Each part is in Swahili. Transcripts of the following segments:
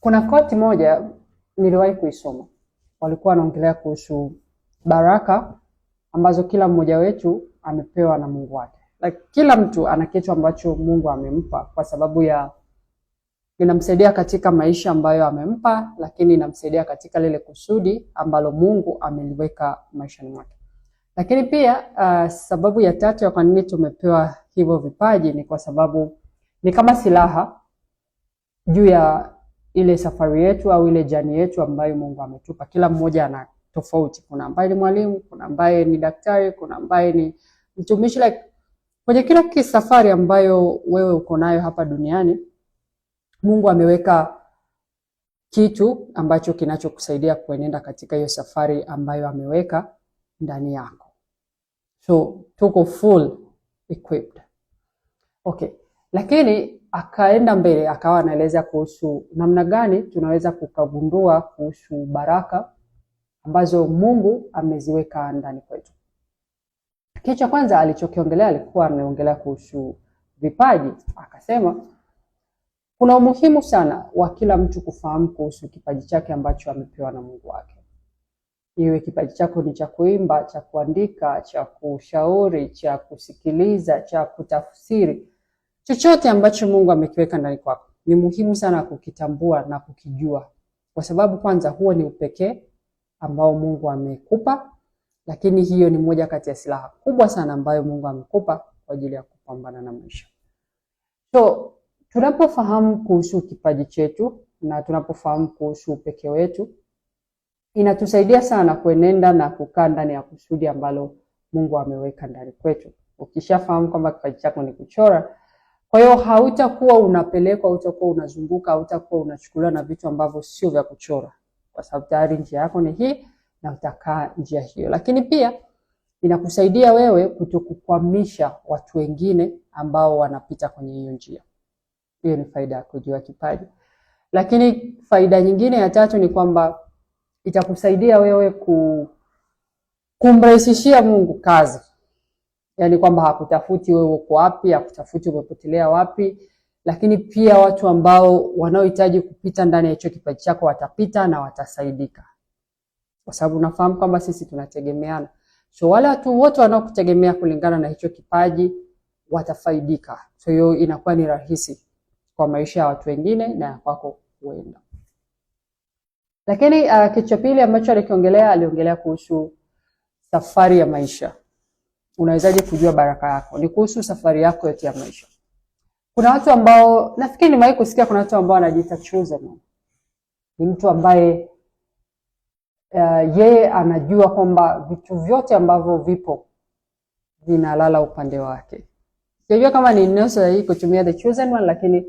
Kuna koti moja niliwahi kuisoma, walikuwa wanaongelea kuhusu baraka ambazo kila mmoja wetu amepewa na Mungu wake. Like, kila mtu ana kitu ambacho Mungu amempa kwa sababu ya inamsaidia katika maisha ambayo amempa, lakini inamsaidia katika lile kusudi ambalo Mungu ameliweka maishani mwake. Lakini pia uh, sababu ya tatu ya kwa nini tumepewa hivyo vipaji ni kwa sababu ni kama silaha juu ya ile safari yetu au ile jani yetu ambayo Mungu ametupa. Kila mmoja ana tofauti. Kuna ambaye ni mwalimu, kuna ambaye ni daktari, kuna ambaye ni mtumishi like kwenye kila kisafari ambayo wewe uko nayo hapa duniani, Mungu ameweka kitu ambacho kinachokusaidia kuenenda katika hiyo safari ambayo ameweka ndani yako. So tuko full equipped. Okay. Lakini akaenda mbele akawa anaeleza kuhusu namna gani tunaweza kukagundua kuhusu baraka ambazo Mungu ameziweka ndani kwetu. Kitu cha kwanza alichokiongelea alikuwa ameongelea kuhusu vipaji, akasema kuna umuhimu sana wa kila mtu kufahamu kuhusu kipaji chake ambacho amepewa na Mungu wake, iwe kipaji chako ni cha kuimba, cha kuandika, cha kushauri, cha kusikiliza, cha kutafsiri Chochote ambacho Mungu amekiweka ndani kwako ni muhimu sana kukitambua na kukijua, kwa sababu kwanza, huo ni upekee ambao Mungu amekupa, lakini hiyo ni moja kati ya silaha kubwa sana ambayo Mungu amekupa kwa ajili ya kupambana na maisha. So tunapofahamu kuhusu kipaji chetu na tunapofahamu kuhusu upekee wetu, inatusaidia sana kuenenda na kukaa ndani ya kusudi ambalo Mungu ameweka ndani kwetu. Ukishafahamu kwamba kipaji chako ni kuchora kwa hiyo hautakuwa unapelekwa, hautakuwa unazunguka, hautakuwa unachukuliwa na vitu ambavyo sio vya kuchora, kwa sababu tayari njia yako ni hii na utakaa njia hiyo. Lakini pia inakusaidia wewe kutokukwamisha watu wengine ambao wanapita kwenye hiyo njia. Hiyo ni faida ya kujua kipaji. Lakini faida nyingine ya tatu ni kwamba itakusaidia wewe ku kumrahisishia Mungu kazi yani kwamba hakutafuti wewe uko wapi, hakutafuti umepotelea wapi. Lakini pia watu ambao wanaohitaji kupita ndani ya hicho kipaji chako watapita na watasaidika, kwa sababu unafahamu kwamba sisi tunategemeana. So wale watu wote wanaokutegemea kulingana na hicho kipaji watafaidika. So hiyo inakuwa ni rahisi kwa maisha ya watu wengine na ya kwako kuenda. Lakini uh, kitu cha pili ambacho alikiongelea aliongelea kuhusu safari ya maisha unawezaje kujua baraka yako? Ni kuhusu safari yako yote ya maisha. Kuna watu ambao nafikiri nimewahi kusikia, kuna watu ambao wanajiita chosen one. Ni mtu ambaye uh, yeye anajua kwamba vitu vyote ambavyo vipo vinalala upande wake. Sijajua kama ni neno hii kutumia the chosen one, lakini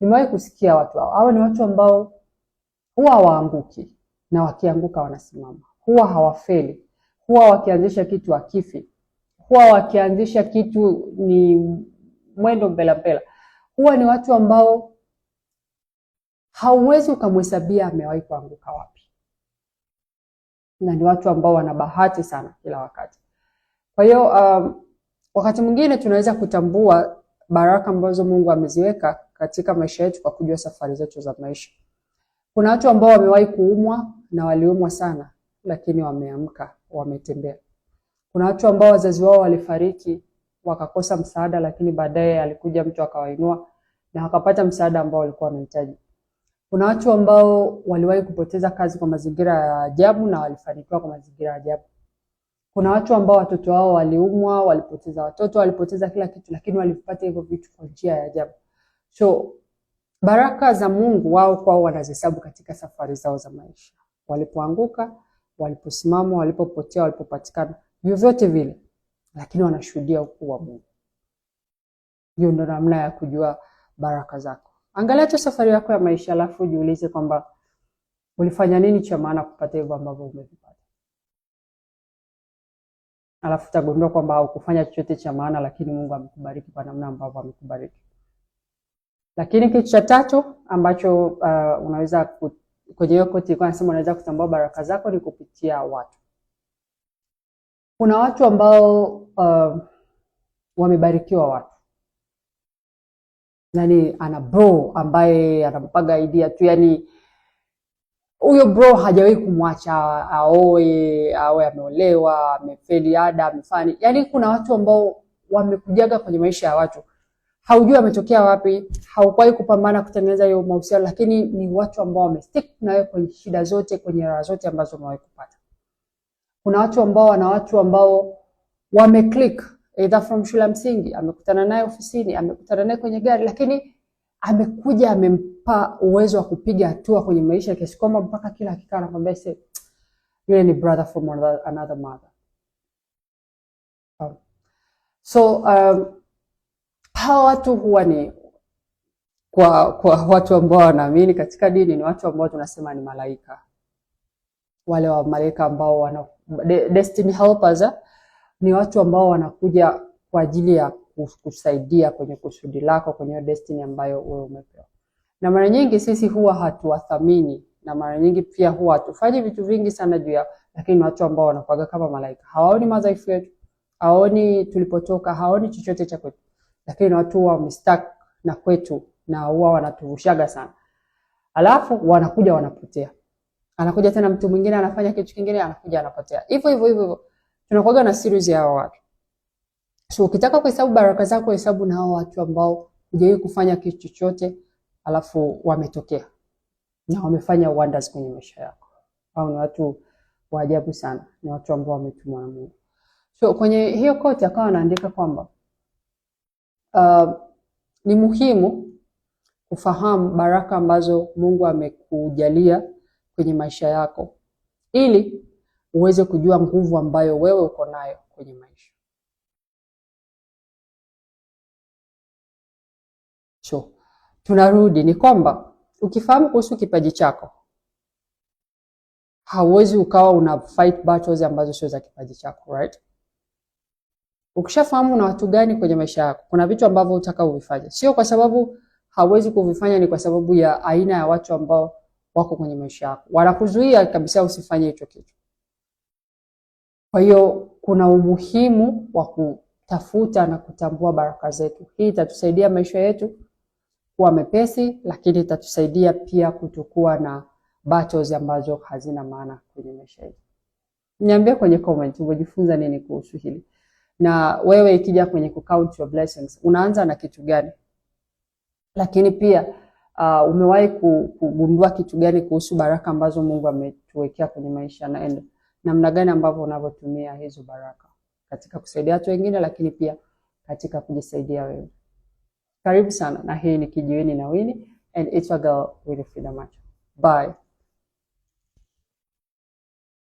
nimewahi kusikia watu hao. Hao ni watu ambao huwa hawaanguki na wakianguka wanasimama, huwa hawafeli, huwa wakianzisha kitu hakifi huwa wakianzisha kitu ni mwendo mbelambela, huwa ni watu ambao hauwezi ukamhesabia amewahi kuanguka wapi, na ni watu ambao wana bahati sana kila wakati. Kwa hiyo um, wakati mwingine tunaweza kutambua baraka ambazo Mungu ameziweka katika maisha yetu kwa kujua safari zetu za maisha. Kuna watu ambao wamewahi kuumwa na waliumwa sana, lakini wameamka, wametembea. Kuna watu ambao wazazi wao walifariki wakakosa msaada, lakini baadaye alikuja mtu akawainua na wakapata msaada ambao walikuwa wanahitaji. Kuna watu ambao waliwahi kupoteza kazi kwa mazingira ya ajabu na walifanikiwa kwa mazingira ya ajabu. Kuna watu ambao watoto wao waliumwa, walipoteza watoto, walipoteza kila kitu, lakini walipata hivyo vitu kwa njia ya ajabu. So baraka za Mungu wao kwao wanazihesabu katika safari zao za maisha, walipoanguka, waliposimama, walipopotea, walipopatikana vyovyote vile, lakini wanashuhudia ukuu wa Mungu. Hiyo ndo namna ya kujua baraka zako. Angalia tu safari yako ya maisha, alafu jiulize kwamba ulifanya nini cha maana kupata hivyo ambavyo umevipata. Alafu utagundua kwamba haukufanya chochote cha maana, lakini Mungu amekubariki kwa namna ambavyo amekubariki. Lakini kitu cha tatu ambacho uh, unaweza kwenye hiyo koti ilikuwa nasema unaweza kutambua baraka zako ni kupitia watu. Kuna watu ambao uh, wamebarikiwa watu nani, ana bro ambaye anampaga idea tu, yani huyo bro hajawahi kumwacha aoe, awe ameolewa, amefeli ada, amefani. Yani kuna watu ambao wamekujaga kwenye maisha ya watu, haujui ametokea wapi, haukwahi kupambana kutengeneza hiyo mahusiano, lakini ni watu ambao wamestick na wewe kwenye shida zote, kwenye raha zote ambazo umewahi kupata. Kuna watu ambao wana watu ambao wameclick either from shule ya msingi, amekutana naye ofisini, amekutana naye kwenye gari, lakini amekuja amempa uwezo wa kupiga hatua kwenye maisha kiasi kwamba mpaka kila akikaa anakwambia se yule ni brother from another mother. So um, hawa watu huwa ni kwa, kwa watu ambao wanaamini katika dini ni watu ambao tunasema ni malaika wale wa malaika ambao wana destiny helpers eh, Ni watu ambao wanakuja kwa ajili ya kusaidia kwenye kusudi lako, kwenye destiny ambayo wewe umepewa. Na mara nyingi sisi huwa hatuwathamini, na mara nyingi pia huwa hatufanyi vitu vingi sana juu ya, lakini watu ambao wanakuaga kama malaika hawaoni madhaifu yetu, hawaoni tulipotoka, hawaoni chochote cha kwetu, lakini watu huwa wamestak na kwetu na huwa wanaturushaga sana, alafu wanakuja wanapotea anakuja tena mtu mwingine anafanya kitu kingine, anakuja anapotea. Hivyo hivyo hivyo tunakuwa na series ya hao watu. So ukitaka kuhesabu baraka zako, hesabu na hao watu ambao hujawahi kufanya kitu chochote, alafu wametokea na wamefanya wonders kwenye maisha yako. Hao ni watu wa ajabu sana, ni watu ambao wametumwa na Mungu. So kwenye hiyo kote akawa anaandika kwamba uh, ni muhimu kufahamu baraka ambazo Mungu amekujalia kwenye maisha yako ili uweze kujua nguvu ambayo wewe uko nayo kwenye maisha. So, tunarudi ni kwamba ukifahamu kuhusu kipaji chako hauwezi ukawa una fight battles ambazo sio za kipaji chako right? Ukishafahamu na watu gani kwenye maisha yako, kuna vitu ambavyo utaka uvifanye, sio kwa sababu hauwezi kuvifanya, ni kwa sababu ya aina ya watu ambao wako kwenye maisha yako, wanakuzuia kabisa usifanye hicho kitu. Kwa hiyo kuna umuhimu wa kutafuta na kutambua baraka zetu. Hii itatusaidia maisha yetu kuwa mepesi, lakini itatusaidia pia kutokuwa na battles ambazo hazina maana kwenye maisha yetu. Niambie kwenye comment umejifunza nini kuhusu hili, na wewe ikija kwenye count your blessings unaanza na kitu gani? Lakini pia uh, umewahi kugundua kitu gani kuhusu baraka ambazo Mungu ametuwekea kwenye maisha na namna gani ambavyo unavyotumia hizo baraka katika kusaidia watu wengine, lakini pia katika kujisaidia wewe. Karibu sana, na hii ni Kijiweni na Winnie and it's a girl Winifrida Macho. Bye.